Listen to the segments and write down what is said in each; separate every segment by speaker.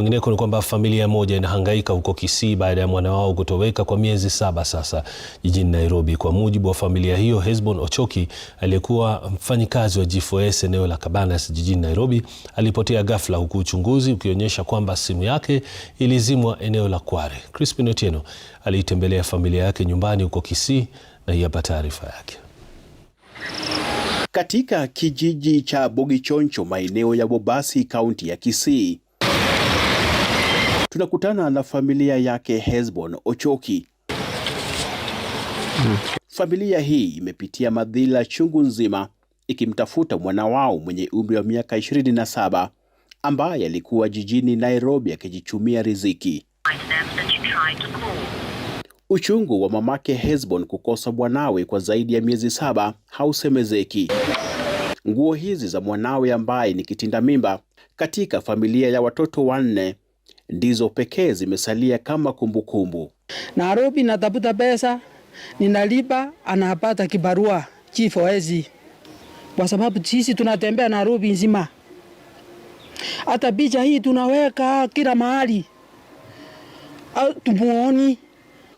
Speaker 1: Wengineko ni kwamba familia moja inahangaika huko Kisii baada ya mwana wao kutoweka kwa miezi saba sasa jijini Nairobi. Kwa mujibu wa familia hiyo, Hesbon Ochoki aliyekuwa mfanyikazi wa G4S eneo la Kabanas jijini Nairobi alipotea ghafla, huku uchunguzi ukionyesha kwamba simu yake ilizimwa eneo la Kware. Crispin Otieno aliitembelea familia yake nyumbani huko Kisii na hii hapa taarifa yake.
Speaker 2: Katika kijiji cha Bogichoncho maeneo ya Bobasi, kaunti ya Kisii tunakutana na familia yake Hesbon Ochoki. Hmm. Familia hii imepitia madhila chungu nzima ikimtafuta mwana wao mwenye umri wa miaka 27 ambaye alikuwa jijini Nairobi akijichumia riziki. Uchungu wa mamake Hesbon kukosa mwanawe kwa zaidi ya miezi saba hausemezeki. Nguo hizi za mwanawe ambaye ni kitinda mimba katika familia ya watoto wanne ndizo pekee zimesalia kama kumbukumbu.
Speaker 3: Nairobi natafuta pesa, ninalipa, anapata kibarua chifo ezi kwa sababu sisi tunatembea Nairobi nzima, hata picha hii tunaweka kila mahali, tumuoni.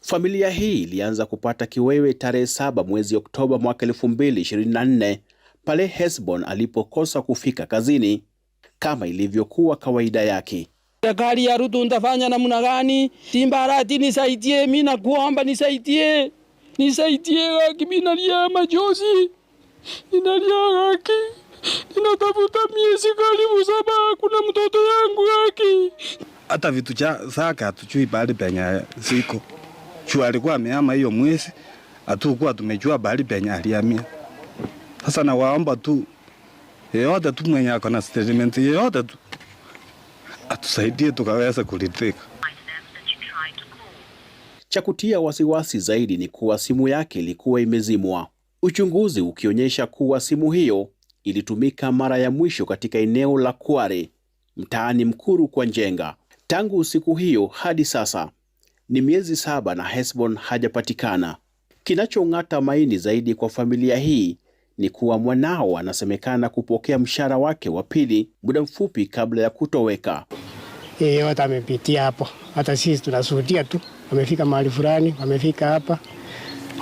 Speaker 2: Familia hii ilianza kupata kiwewe tarehe saba mwezi Oktoba mwaka elfu2l nne pale Hesbon alipokosa kufika kazini kama ilivyokuwa kawaida yake.
Speaker 3: Serikali ya Ruto ndafanya namna gani? Timbarati nisaidie, mimi nakuomba nisaidie. Nisaidie haki, mimi nalia machozi. Ninalia haki. Ninatafuta miezi karibu saba, kuna mtoto yangu haki.
Speaker 4: Hata vitu cha saka hatujui bali penya siko. Juu alikuwa ameama hiyo mwezi, hatukuwa tumejua bali penye aliamia. Sasa nawaomba tu yeyote tu mwenye akona statement yeyote tu atusaidie tukaweza kuliteka.
Speaker 2: Cha kutia wasiwasi zaidi ni kuwa simu yake ilikuwa imezimwa, uchunguzi ukionyesha kuwa simu hiyo ilitumika mara ya mwisho katika eneo la Kware mtaani Mkuru kwa Njenga. Tangu usiku hiyo hadi sasa ni miezi saba na Hesbon hajapatikana. Kinachong'ata maini zaidi kwa familia hii ni kuwa mwanao anasemekana kupokea mshahara wake wa pili muda mfupi kabla ya kutoweka.
Speaker 5: Yeyote amepitia hapo, hata sisi tunashuhudia tu, amefika mahali fulani, amefika hapa,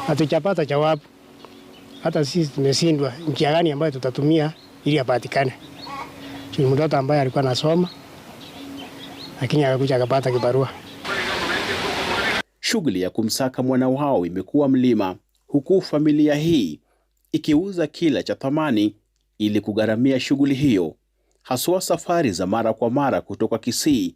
Speaker 5: hatuchapata jawabu. Hata sisi tumeshindwa njia gani ambayo tutatumia ili apatikane. Ni mtoto ambaye alikuwa anasoma, lakini akakuja akapata kibarua.
Speaker 2: Shughuli ya kumsaka mwana wao imekuwa mlima, huku familia hii ikiuza kila cha thamani ili kugharamia shughuli hiyo, haswa safari za mara kwa mara kutoka Kisii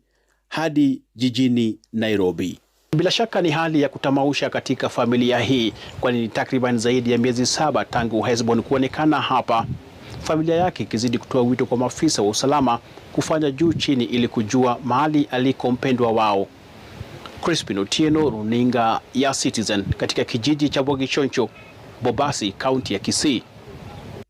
Speaker 2: hadi jijini Nairobi.
Speaker 6: Bila shaka ni hali ya kutamausha katika familia hii, kwani ni takriban zaidi ya miezi saba tangu Hesbon kuonekana hapa, familia yake ikizidi kutoa wito kwa maafisa wa usalama kufanya juu chini ili kujua mahali aliko mpendwa wao. Crispin Otieno, runinga ya Citizen katika kijiji cha Bogichoncho. Bobasi, kaunti ya Kisii.